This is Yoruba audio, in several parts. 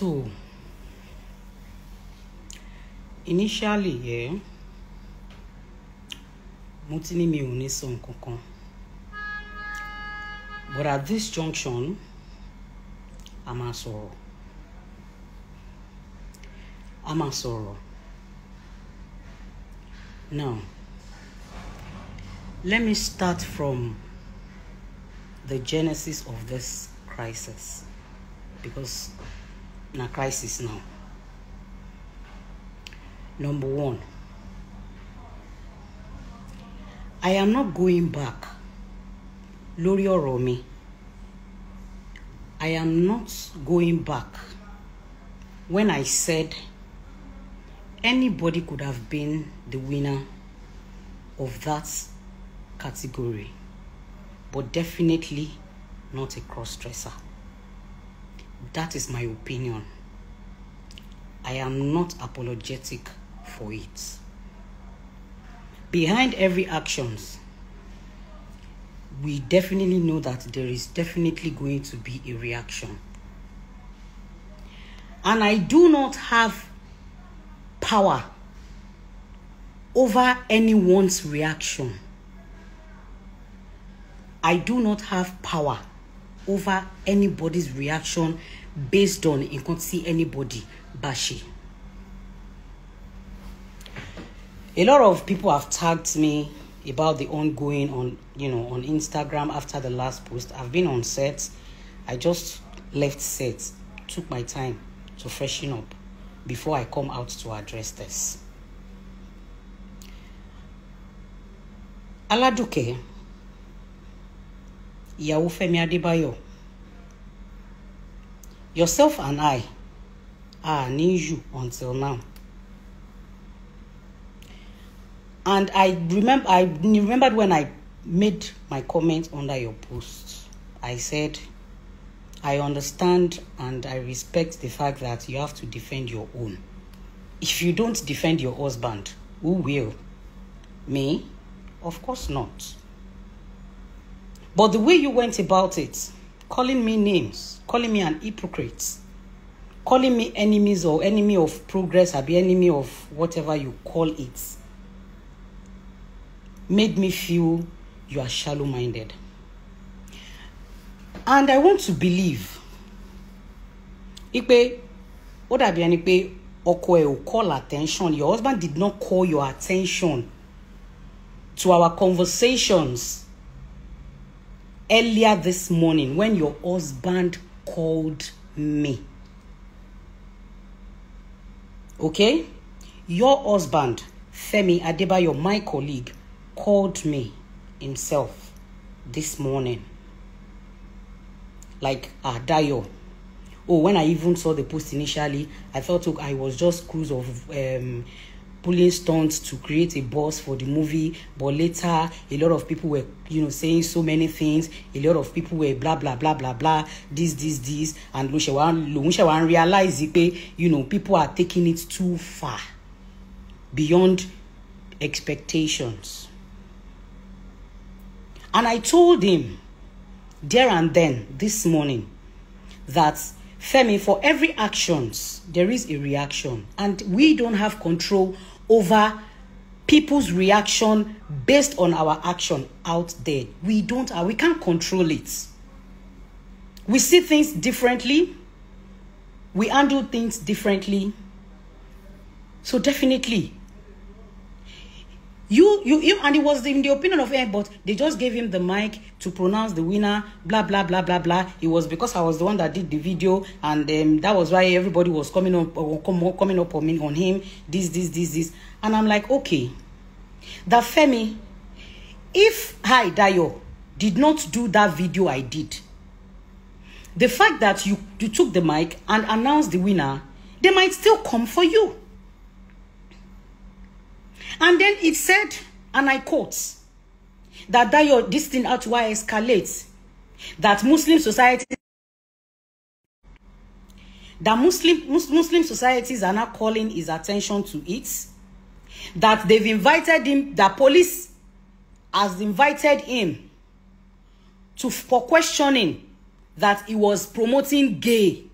So, initially, yeah, mo ti ní mi ò ní sọ nǹkan kan. But at this junction, a máa sọ̀rọ̀. A máa sọ̀rọ̀. Now, let me start from the genesis of this crisis because na crisis now number one i am not going back lórí or mi i am not going back when i said anybody could have been the winner of that category but definitely not a cross-dresser. That is my opinion. I am not apologetic for it. Behind every actions, we definitely know that there is definitely going to be a reaction. And I do not have power over anyone's reaction. I do not have power over anybody's reaction based on you can't see anybody bá A lot of people have tagged me about the ongoing on you know on Instagram after the last post. I've been on set. I just left set, took my time to freshen up before I come out to address this. Aladuke, ìyàwó Adébáyọ̀ Yourself and I are an issue until now. And I remember I remembered when I made my comment under your post. I said, I understand and I respect the fact that you have to defend your own. If you don't defend your husband, who will? Me? Of course not. But the way you went about it, calling me names, calling me an hypocrite, calling me enemies or enemy of progress, or be enemy of whatever you call it, made me feel you are shallow minded. And I want to believe ipe what have you pé ọkọ ẹ call attention your husband did not call your attention to our conversations earlier this morning when your husband called me. Okay? Your husband, Femi Adebayo, my colleague, called me himself this morning. Like Adayo. Ah, oh, when I even saw the post initially, I thought look, I was just cruise of um, pulling stunts to create a buzz for the movie but later a lot of people were you know saying so many things a lot of people were blah blah blah blah blah this this this and lòun ṣe wá ń realize pé you know people are taking it too far beyond expectations and I told him there and then this morning that Femi, for every actions, there is a reaction. And we don't have control over people's reaction based on our action out there. We don't, uh, we can't control it. We see things differently. We handle things differently. So definitely, you, you, you, and it was in the opinion of him, but they just gave him the mic to pronounce the winner, blah, blah, blah, blah, blah. It was because I was the one that did the video, and um, that was why everybody was coming up, coming up on, me, on him, this, this, this, this. And I'm like, okay, that Femi, if Haidayo did not do that video I did, the fact that you, you took the mic and announced the winner, they might still come for you. And then it said, and I quote, that, that your, this thing out why escalates, that Muslim society that Muslim Muslim societies are now calling his attention to it, that they've invited him, that police has invited him to for questioning that he was promoting gay.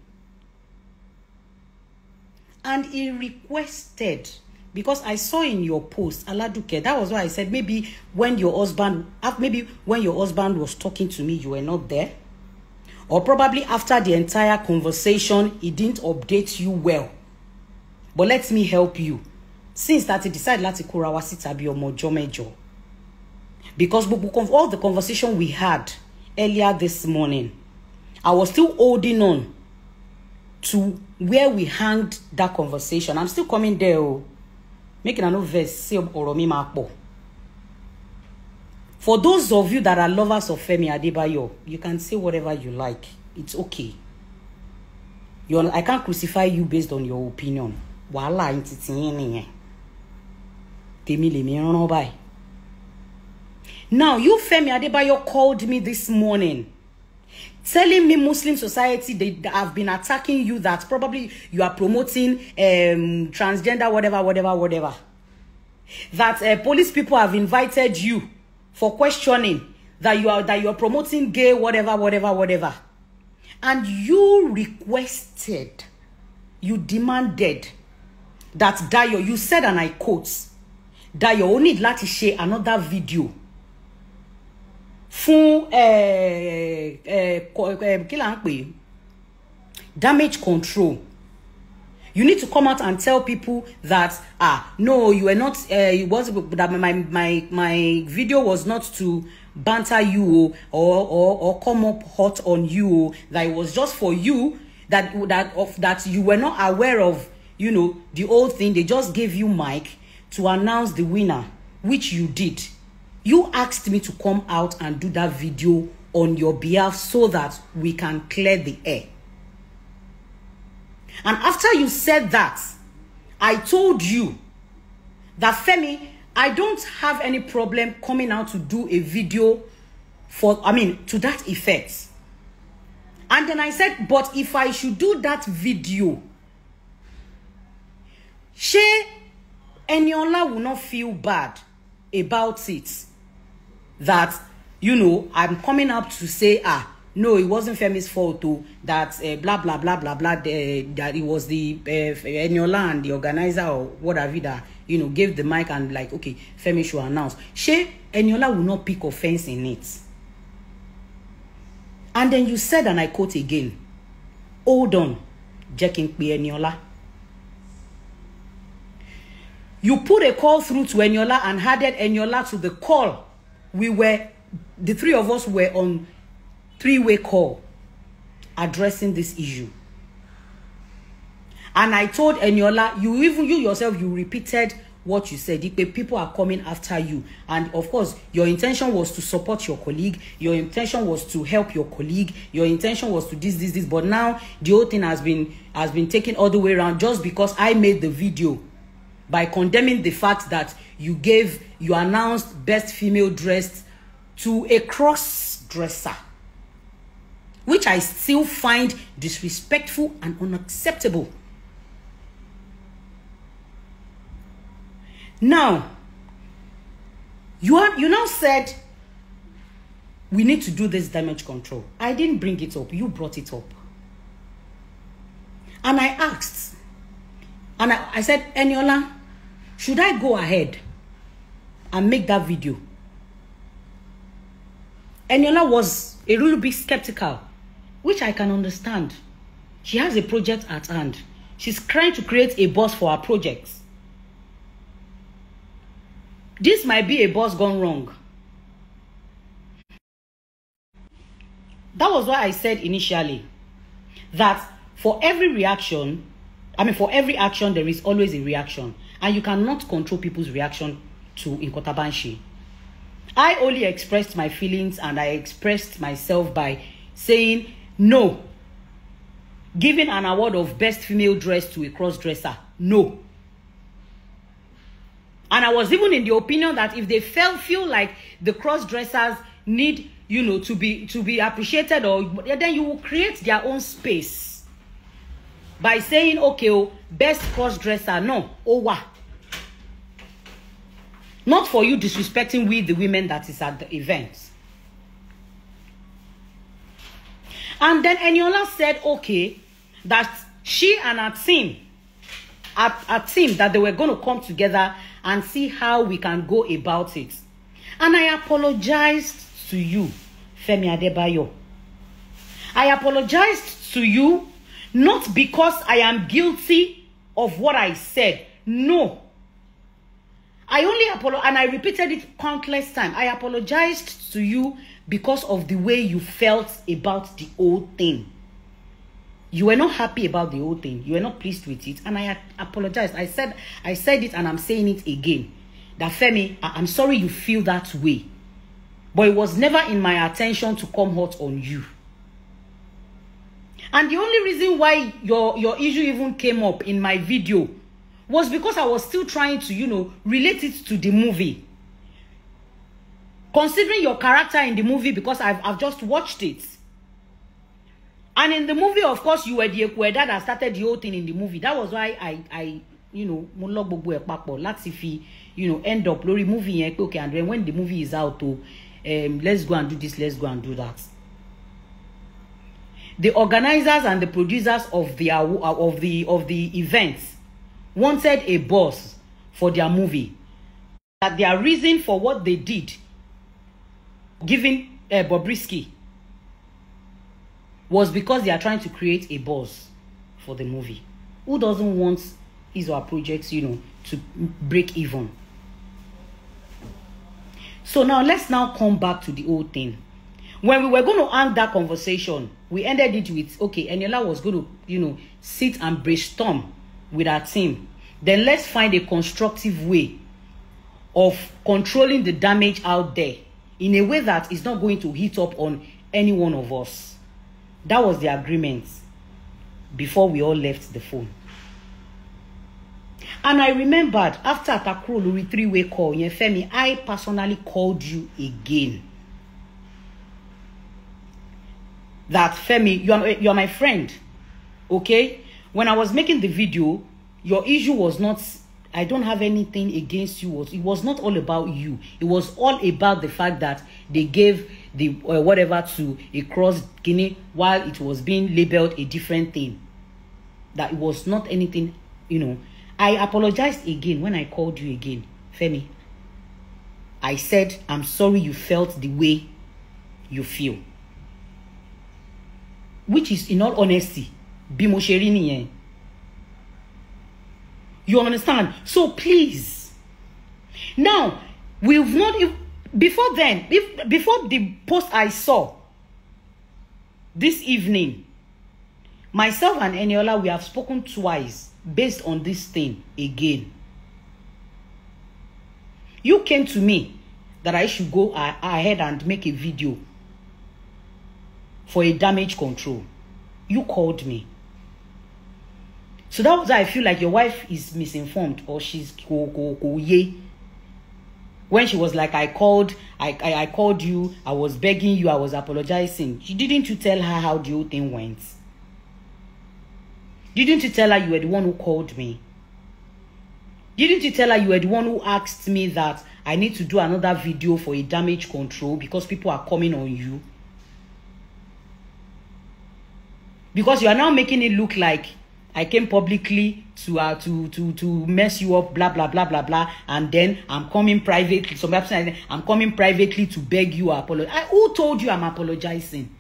And he requested because I saw in your post, Aladuke, that was why I said maybe when your husband, maybe when your husband was talking to me, you were not there. Or probably after the entire conversation, he didn't update you well. But let me help you. Since that he decided láti kóra wá síta bí ọmọ mẹ́jọ. Because all the conversation we had earlier this morning, I was still holding on to where we hanged that conversation. I'm still coming there. Oh. make una no vex say ọ̀rọ̀ mi máa pọ̀ for those of you that are lovers of Femi Adebayo you can say whatever you like it's okay You're, I can't crucify you based on your opinion wàhálà yín titi yín nìyẹn tèmi lèmi rán báyìí now you Femi Adebayo called me this morning telling me muslim society they have been attacking you that probably you are promoting um, transgender whatever whatever whatever that uh, police people have invited you for questioning that you are that you are promoting gay whatever whatever whatever and you requested you demanded that Dayo you said and I quote Dayo only let láti share another video for uh, eh, Um, kí là ń pè damage control you need to come out and tell people that ah no you were not uh, it was that my my my video was not to banter you or or or come up hot on you that it was just for you that that of that you were not aware of you know the whole thing they just gave you mic to announce the winner which you did you asked me to come out and do that video on your behalf so that we can clear the air. And after you said that, I told you that Femi, I don't have any problem coming out to do a video for, I mean, to that effect. And then I said, but if I should do that video, she Eniola will not feel bad about it. That you know, I'm coming up to say, ah, no, it wasn't Femi's fault too, that uh, blah, blah, blah, blah, blah, that it was the uh, eh, Eniola and the organizer or what have you that, you know, gave the mic and like, okay, Femi should announce. She, Eniola will not pick offense in it. And then you said, and I quote again, hold on, Jacking Eniola. You put a call through to Eniola and added Eniola to the call. We were the three of us were on three-way call addressing this issue. And I told Eniola, you even you yourself, you repeated what you said. People are coming after you. And of course, your intention was to support your colleague. Your intention was to help your colleague. Your intention was to this, this, this. But now the whole thing has been has been taken all the way around just because I made the video by condemning the fact that you gave you announced best female dressed to a cross dresser, which I still find disrespectful and unacceptable. Now, you have you now said we need to do this damage control. I didn't bring it up, you brought it up. And I asked, and I, I said, Eniola, should I go ahead and make that video Eniola was a little bit skeptical, which I can understand. She has a project at hand. She's trying to create a boss for her projects. This might be a boss gone wrong. That was why I said initially that for every reaction, I mean, for every action, there is always a reaction. And you cannot control people's reaction to Inkotabanshi. I only expressed my feelings and I expressed myself by saying no. Giving an award of best female dress to a cross dresser, no. And I was even in the opinion that if they felt feel like the cross dressers need, you know, to be to be appreciated, or then you will create their own space by saying, okay, oh, best cross dresser, no, oh what. Not for you disrespecting we, the women that is at the event. And then Eniola said, okay, that she and her team, a team, that they were going to come together and see how we can go about it. And I apologized to you, Femi Adebayo. I apologized to you not because I am guilty of what I said. No. I only apologize, and I repeated it countless times. I apologized to you because of the way you felt about the old thing. You were not happy about the old thing. You were not pleased with it, and I apologized. I said, I said it, and I'm saying it again. That Femi, I- I'm sorry you feel that way, but it was never in my attention to come hot on you. And the only reason why your your issue even came up in my video was because I was still trying to, you know, relate it to the movie. Considering your character in the movie because I've, I've just watched it. And in the movie, of course, you were the Ekweda that started the whole thing in the movie. That was why I, I you know, mo lọ gbogbo ẹ̀ papọ̀ láti fi, you know, end up lórí movie yẹn okay and then when the movie is out oh, um, let's go and do this, let's go and do that. The organizers and the producers of the, uh, of the, of the events wanted a boss for their movie. That their reason for what they did, giving uh, Bobrisky, was because they are trying to create a boss for the movie. Who doesn't want his or her projects, you know, to break even? So now let's now come back to the old thing. When we were going to end that conversation, we ended it with, okay, Eniola was going to, you know, sit and brainstorm with our team, then let's find a constructive way of controlling the damage out there in a way that is not going to hit up on any one of us. That was the agreement before we all left the phone. And I remembered after Atakuro Luri three-way call, Yefemi, I personally called you again. That Femi, you are, you are my friend, okay? when I was making the video, your issue was not I don't have anything against you. It was not all about you. It was all about the fact that they gave the uh, whatever to a cross guinea while it was being labeled a different thing. That it was not anything, you know. I apologized again when I called you again, Femi. I said, I'm sorry you felt the way you feel. Which is, in all honesty, bí mo ṣe rí nìyẹn you understand so please now we've not before then if, before the post I saw this evening myself and Eniola we have spoken twice based on this thing again you came to me that I should go ahead and make a video for a damage control. You called me. So that's why I feel like your wife is misinformed or she's ko ko ko ye. When she was like, I called, I, I, I called you, I was begging you, I was apologizing. You didn't you tell her how the whole thing went? Didn't you tell her you were the one who called me? Didn't you tell her you were the one who asked me that I need to do another video for a damage control because people are coming on you? Because you are now making it look like I came publicly to uh, to to to mess you up, blah blah blah blah blah, and then I'm coming privately. Some person I'm coming privately to beg you apologize. I, who told you I'm apologizing?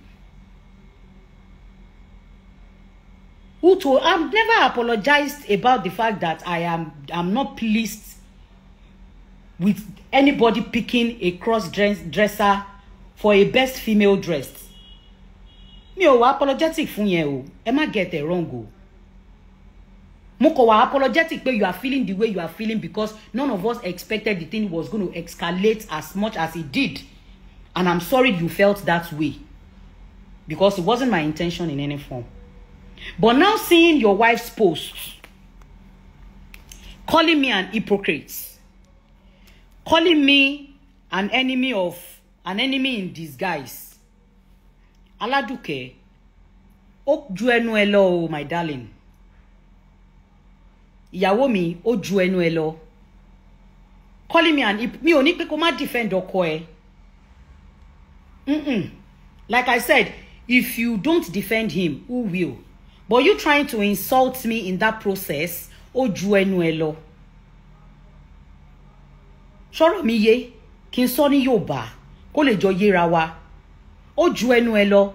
Who told? I've never apologized about the fact that I am I'm not pleased with anybody picking a cross dress, dresser for a best female dressed. Me ò apologetic fún yẹn o. Ẹ má get it wrong o mo kọ̀ wá apologetic pé you are feeling the way you are feeling because none of us expected the thing was going to escalate as much as it did and i'm sorry you felt that way because it wasn't my intention in any form but now seeing your wife's post calling me an hypocrite calling me an enemy of an enemy in disguise Aladuke ó ẹnu ẹ lọ o my darling ìyàwó mi ó ju ẹnu ẹ lọ calling me and mi ò ní pé kó má defend ọkọ ẹ mm-mm. like I said if you don't defend him who will but you trying to insult me in that process ó ju ẹnu ẹ lọ sọ̀rọ̀ mi yé kí n sọ ní Yorùbá kó lè jọ yéra wa ó ju ẹnu ẹ lọ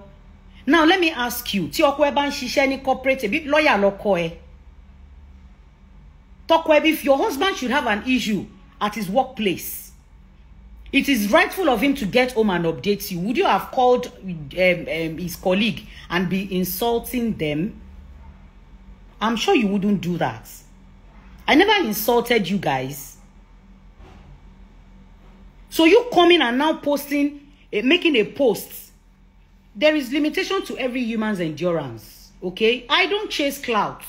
now let me ask you tí ọkọ ẹ bá ń ṣiṣẹ́ ní corporate bí lọ́ọ̀yà lọ́kọ ẹ Talk if your husband should have an issue at his workplace, it is rightful of him to get home and update you. Would you have called um, um, his colleague and be insulting them? I'm sure you wouldn't do that. I never insulted you guys. So you coming and now posting, uh, making a post. There is limitation to every human's endurance. Okay? I don't chase clouds.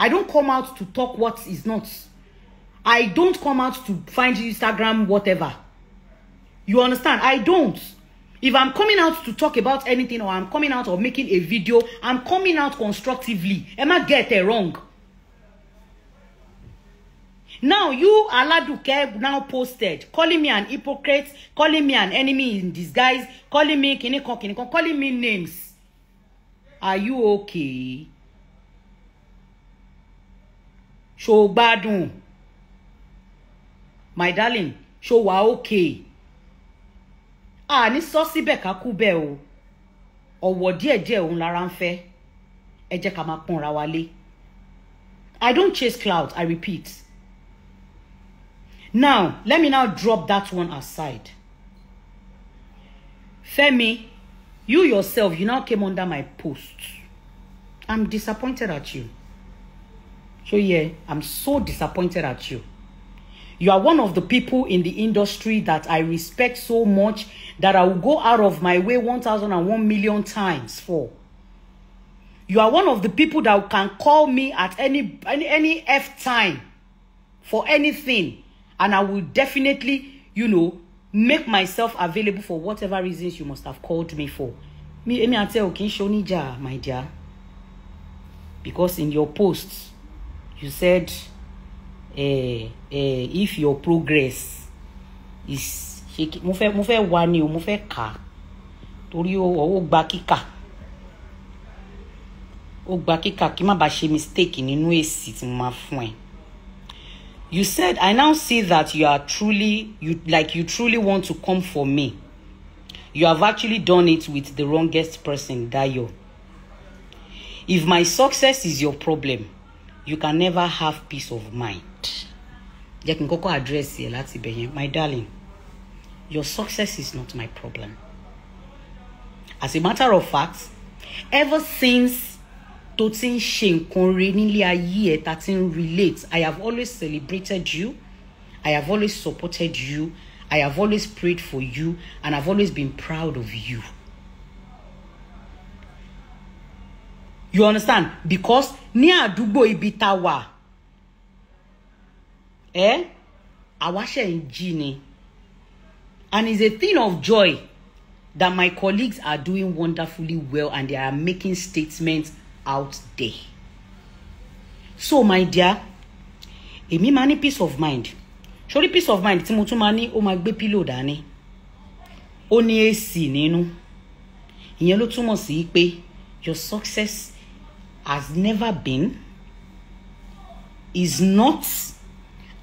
I don't come out to talk what is not. I don't come out to find Instagram, whatever. You understand? I don't. If I'm coming out to talk about anything or I'm coming out or making a video, I'm coming out constructively. Am I get it wrong? Now you Aladuke now posted calling me an hypocrite, calling me an enemy in disguise, calling me kinikon kinikon, calling me names. Are you okay? So o gbádùn my darling So, wà ókè a ní sọ síbẹ̀ ká kú bẹ́ẹ̀ o ọ̀wọ̀ díẹ̀díẹ̀ òun lára ń fẹ́ ẹ jẹ́ ká máa pọ́nra wa I don't chase clout I repeat now let me now drop that one aside Femi you yourself you now came under my post I'm disappointed at you. So, yeah, I'm so disappointed at you. You are one of the people in the industry that I respect so much that I will go out of my way 1,001 million times for. You are one of the people that can call me at any, any, any F time for anything. And I will definitely, you know, make myself available for whatever reasons you must have called me for. Me, me, I tell you, my dear. Because in your posts, you said uh, uh, if your progress is shaking mo fẹ́ mo fẹ́ wá ni o mo fẹ́ kà á torí ọwọ́ gba kika, o gba kika. kí má bàa ṣe mistake nínú èsì tí mo máa fún ẹ. You said, I now see that you are truly, you like you truly want to come for me. You have actually done it with the wrongest person, Dayo. If my success is your problem, you can never have peace of mind jẹ́ address yẹ láti my darling your success is not my problem as a matter of fact ever since tó ti ń ṣe nǹkan ayé i have always celebrated you i have always supported you i have always prayed for you and i have always been proud of you. you understand because ní àdúgbò ibi tá a wà ẹ eh, àwa ń jí ni and it's a thing of joy that my colleagues are doing wonderfully well and they are making statements out there so my dear èmi máa ní peace of mind sórí peace of mind tí mo tún máa ní ó máa gbé pílò dání ó ní èsì nínú ìyẹn ló túmọ̀ sí pé your success has never been, is not,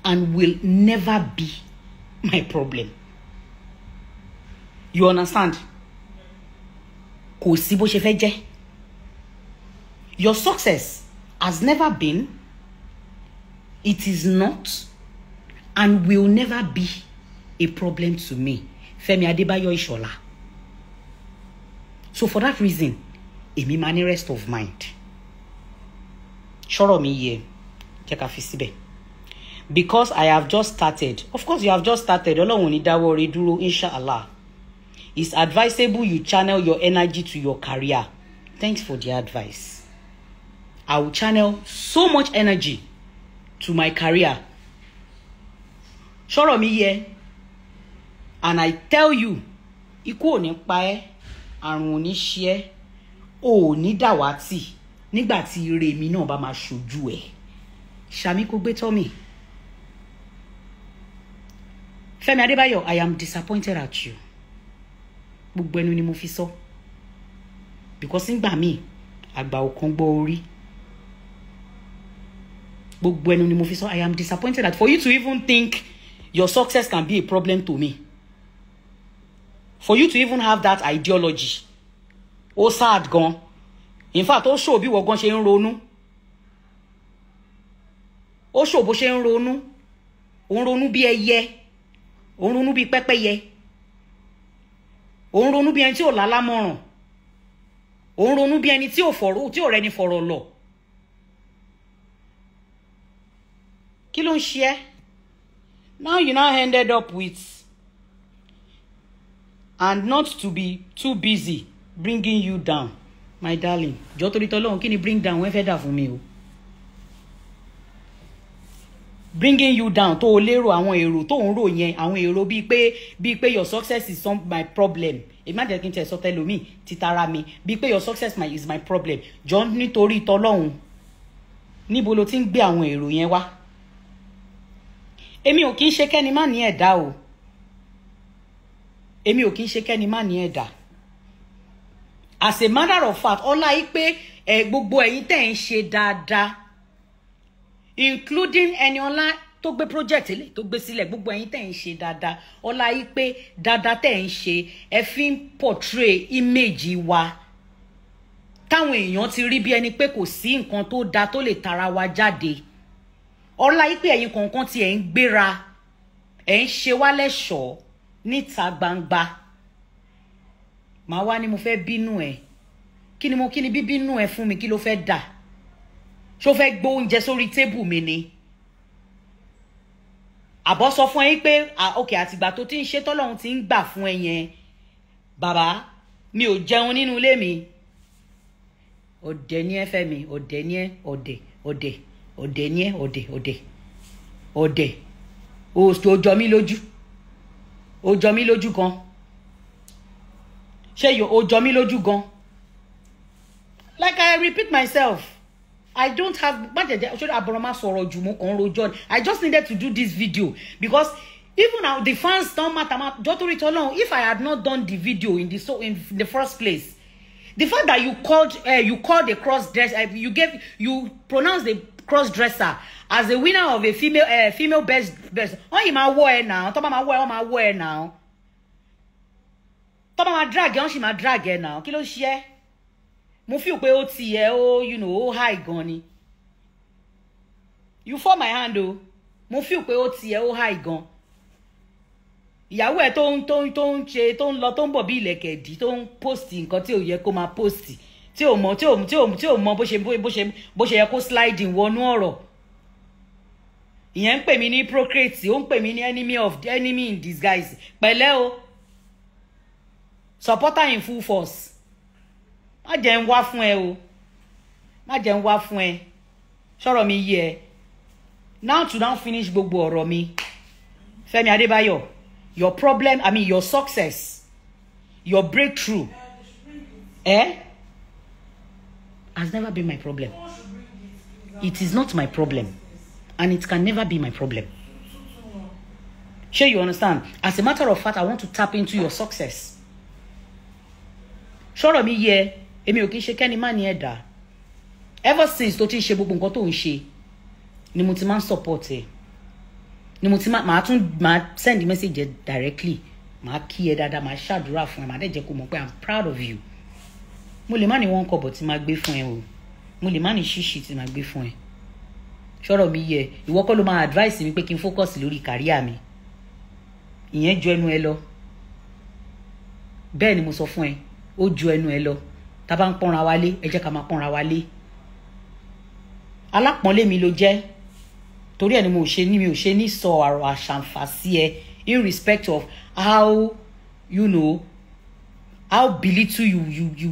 and will never be my problem. You understand? Your success has never been, it is not, and will never be a problem to me. Femi Adebayo Ishola. So for that reason, èmi máa ní rest of mind. ṣọ́rọ̀ mi yẹ jẹ́ ká fi síbẹ̀ because i have just started of course you have just started ọlọ́run ní dáwọ́ rẹ dúró inshallah it's advisable you channel your energy to your career thanks for the advice i will channel so much energy to my career ṣọ́rọ̀ mi yẹ and i tell you ikú ò ní pa ẹ́ àrùn ò ní ṣe ẹ́ ò ní dàwátì nígbà tí ire mi náà bá máa ṣojú ẹ̀ Ṣàmí kò gbé tọ́ mi. Fẹ́mi Adébáyọ̀ I am disappointed at you gbogbo ẹnu ni mo fi sọ because ngbà mi, àgbà ọ̀kan gbọ́ orí gbogbo ẹnu ni mo fi sọ I am disappointed at for you to even think your success can be a problem to me for you to even have that ideology ó sad gan-an in fact ó ṣò bí wọ́gán ṣe ń ronú ó ṣò bó ṣe ń ronú ó ń ronú bí ẹyẹ ó ń ronú bí pẹ́pẹ́yẹ ó ń ronú bí ẹni tí ò lálámọ̀ràn ó ń ronú bí ẹni tí ò fọ̀rọ̀ tí ò rẹni fọ̀rọ̀ lọ̀ kí ló ń ṣe ẹ́ now you now ended up with and not to be too busy bringing you down my darling jọ torí tọ́lọ́hún kí ni bring down wọ́n fẹ́ dà fún mi o bringing you down tó o lérò àwọn èrò tó ń rò yẹn àwọn èrò bíi pé bíi pé your success is some my problem èmi àti ẹ̀kíntì ẹ̀sọ́ tẹlomi ti tara mi bíi pé your success my, is my problem jọ nítorí tọ́lọ́hún níbo lo ti ń gbé àwọn èrò yẹn wá èmi ò kí ń ṣe kẹ́ni má ní ẹ̀dá o èmi ò kí ń ṣe kẹ́ni má ní ẹ̀dá as a matter of fact ọlá yìí pé ẹ gbogbo ẹ̀yin tẹ́ ń ṣe dáadáa including ẹni ọlá tó gbé project lè tó gbé sílẹ̀ gbogbo ẹ̀yin tẹ́ ń ṣe dáadáa ọlá yìí pé dáadáa tẹ́ ń ṣe ẹ fi ń portray image wa táwọn èèyàn ti rí bí ẹni pé kò sí nǹkan tó da tó lè tara wa jáde ọlá yìí pé ẹ̀yin kọ̀ọ̀kan tí ẹ̀ ń gbéra ẹ̀ ń ṣe wá lẹ́ṣọ̀ọ́ níta gbangba màá wá ní mo fẹ́ bínú ẹ kí ni mo kí ni bíbínú ẹ fún mi kí ló fẹ́ dà ṣó fẹ́ gbó oúnjẹ sórí tébù mi ni àbọ̀ sọ fún ẹ pé òkè àtìgbà tó ti ń ṣe tọ́lọ́run ti ń gbà fún ẹ yẹn bàbá mi ò jẹun nínú ilé mi ọ̀dẹ̀ ni ẹ fẹ́ mi ọ̀dẹ̀ ni ẹ ọ̀dẹ̀ ọ̀dẹ̀ ọ̀dẹ̀ ni ẹ ọ̀dẹ̀ ọ̀dẹ̀ ọ̀dẹ̀ o jọ mí lójú o jọ lójú gan ṣé o jọ mí lójú gan like i repeat myself i don't have májèjì ṣé àbọ̀rọ̀má sọ̀rọ̀ jù mo kàn i just needed to do this video because even now the fans don matter ma jọ́tòrí tọ́lọ́hún if i had not done the video in the so in the first place the fact that you called uh, you called a cross dress uh, eh, you gave you pronounced the cross dresser as a winner of a female uh, female best best wọ́n yìí máa wọ ẹ náà tọ́ bá máa wọ ẹ wọ́n máa wọ ẹ náà tó bá máa drag ẹ wọ́n sì máa drag ẹ náà kí ló ṣe ẹ́ mo feel pé ó ti yẹ ó you know ó high gan ni you fall my hand o mo feel pé ó ti yẹ ó high gan ìyàwó ẹ tó ń tó ń tó ń ṣe tó ń lọ tó ń bọ̀ bí ilẹ̀kẹ̀ dì tó ń post nǹkan tí ò yẹ kó máa post tí ò mọ tí ò tí ò tí ò mọ bó ṣe bó ṣe bó ṣe yẹ kó sliding wọnú ọ̀rọ̀ ìyẹn ń pè mí ní procreate ó ń pè mí ní enemy of enemy in disguise pẹ̀lẹ́ o support in full force má jẹ́ ń wá fún ẹ o má jẹ́ ń wá fún ẹ sọ̀rọ̀ mi yí now to now finish gbogbo ọ̀rọ̀ mi Fẹ́mi Adébáyọ̀ your problem i mean your success your breakthrough eh has never been my problem it is not my problem and it can never be my problem shey you understand as a matter of fact i want to tap into your success ṣọ́rọ̀ mi yẹ èmi ò kí ń ṣe kẹ́ni má ní ẹ̀dá ever since tó ti ń ṣe gbogbo nǹkan tó ń ṣe ni mo ti máa ń support ẹ ni mo ti máa máa tún máa send message directly máa kí ẹ dáadáa máa ṣàdúrà fún ẹ máa dẹ̀ jẹ́ kó mọ̀ pé i'm proud of you mo lè má ní wọn kọ̀bọ̀ tí máa gbé fún ẹ o mo lè má ní ṣíṣì tí máa gbé fún ẹ ṣọ́rọ̀ mi yẹ ìwọ kọ́ ló máa advice mi pé kí n focus lórí kàríà mi ìyẹn ju ẹnu ẹ lọ bẹ́ẹ̀ ni mo sọ fún ẹ ó ju ẹnu ẹ lọ tá a bá ń pọ́nra wa lé ẹ jẹ́ ká máa pọ́nra wa lé alápọ̀nlé mi ló jẹ́ torí ẹ̀ ni mo ṣe ni mi ò ṣe ní sọ àrò àṣàǹfà sí ẹ in respect of how you know how belittle you you you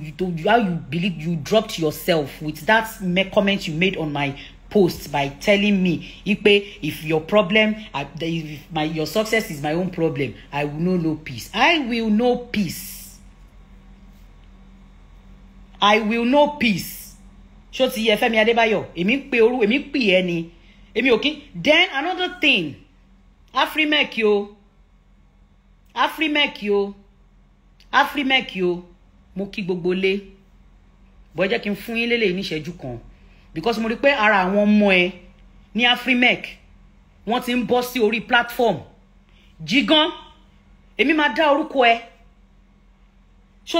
how you belittle you dropped yourself with that comment you made on my post by telling me ipe if your problem I, if my your success is my own problem i will know no peace i will know peace i will know peace ṣó ti yẹ Fẹ́mi Adébáyọ̀ èmi ń pe orú èmi ń pè ẹ ni èmi ò kí then another thing afrimec o afrimec o afrimec o mo kí gbogbo lé bọ́ jẹ́ kí n fún yín lélẹ̀ níṣẹ́jú kan because mo rí pé ara àwọn ọmọ ẹ ní afrimec wọ́n ti ń bọ́ sí orí platform jígan èmi máa dá orúkọ ẹ ṣó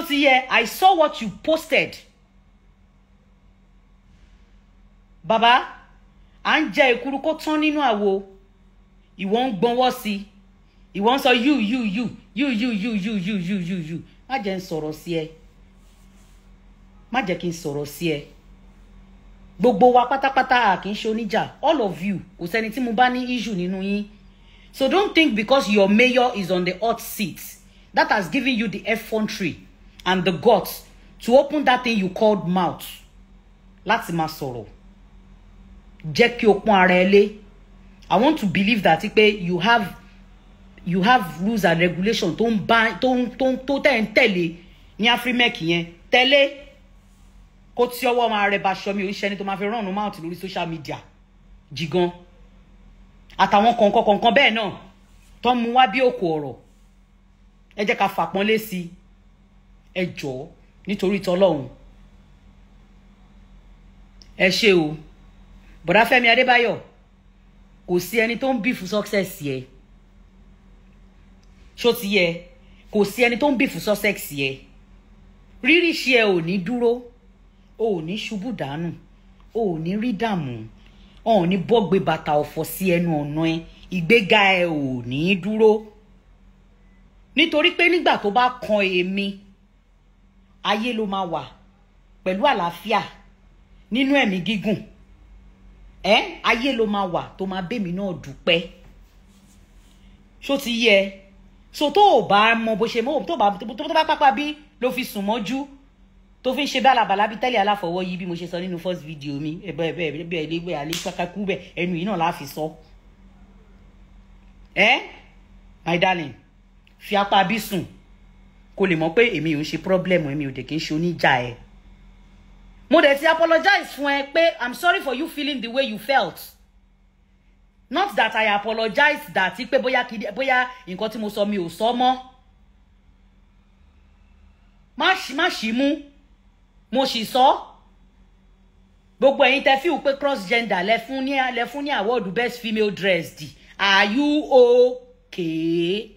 I saw what you posted Baba. à ń jẹ èkuru kó tán nínú àwo ìwọ ń gbọnwọ sí i ìwọ ń sọ yú yú yú yú yú yú yú yú yú yú yú má jẹ́ ń sọ̀rọ̀ sí ẹ má jẹ́ kí n sọ̀rọ̀ sí ẹ gbogbo wa pátápátá a kì í ṣe oníjà all of you kò sẹ́ni tí mo bá ní issue nínú yín so don't think because your mayor is on the hot seat that has given you the effrontery and the guts to open that thing you called mouth láti máa sọ̀rọ̀ jẹ́ kí o pọ́n ara ẹ lé i want to believe that pé you have you have rules and regulations tó ń bá tó ń tó ń tó tẹ̀ ń tẹ̀lé ní afrimec yẹn tẹ̀lé kó tí ọwọ́ máa rẹ baṣọ mi ò ń tó máa fi rán mouth lórí social media jìgan àtàwọn kọ̀ọ̀kan kọ̀ọ̀kan bẹ́ẹ̀ náà tó ń mu wá bí òkò ọ̀rọ̀ ẹ jẹ́ ká fàpọ́nlé sí i ẹ jọ̀ọ́ nítorí tọlọ́run ẹ ṣe o bọ̀dá Fẹ́mi Adébáyọ̀ kò sí ẹni tó ń bí fún success yẹ ṣó ti yẹ kò sí ẹni tó ń bí fún success yẹ rírí ṣe ẹ ò ní dúró o ò ní ṣubú dànù o ò ní rí dààmú o ò ní bọ́gbe bàtà ọ̀fọ̀ sí ẹnu ọ̀nà ẹ ìgbéga ẹ ò ní dúró nítorí pé nígbà tó bá kan èmi. E ayé ló máa wà pẹ̀lú àlàáfíà nínú ẹ̀mí gígùn ẹ ayé ló máa wà tó máa bẹ́mi náà dúpẹ́ ṣó ti yẹ so tó o bá mọ bó ṣe mọ tó bá tó bá pápá bí ló fi sùn mọ́jú tó fi ń ṣe bálabàlá bí tẹ́lẹ̀ aláfọwọ́ yìí bí mo ṣe sọ nínú first video mi ẹ̀bẹ̀ ẹ̀bẹ̀ ẹ̀bẹ̀ ẹ̀lẹ́gbẹ̀ alẹ́ kákákú bẹ̀ ẹnu yìí náà láàfin sọ. ẹ my darling fi apá bí sùn kó lè mọ̀ pé èmi ò ń ṣe problem èmi ò dẹ̀ kí n ṣe oníjà ẹ̀ mo dẹ̀ ti apologize fún ẹ pé i'm sorry for you feeling the way you felt not that i apologize that pé bóyá kìdí bóyá nǹkan tí mo sọ mi ò sọ mọ́ má ṣì mú mo sì sọ gbogbo ẹ̀yin tẹ́ fíw pé cross gender lẹ fún ní lẹ fún ní award best female dressed are you okay.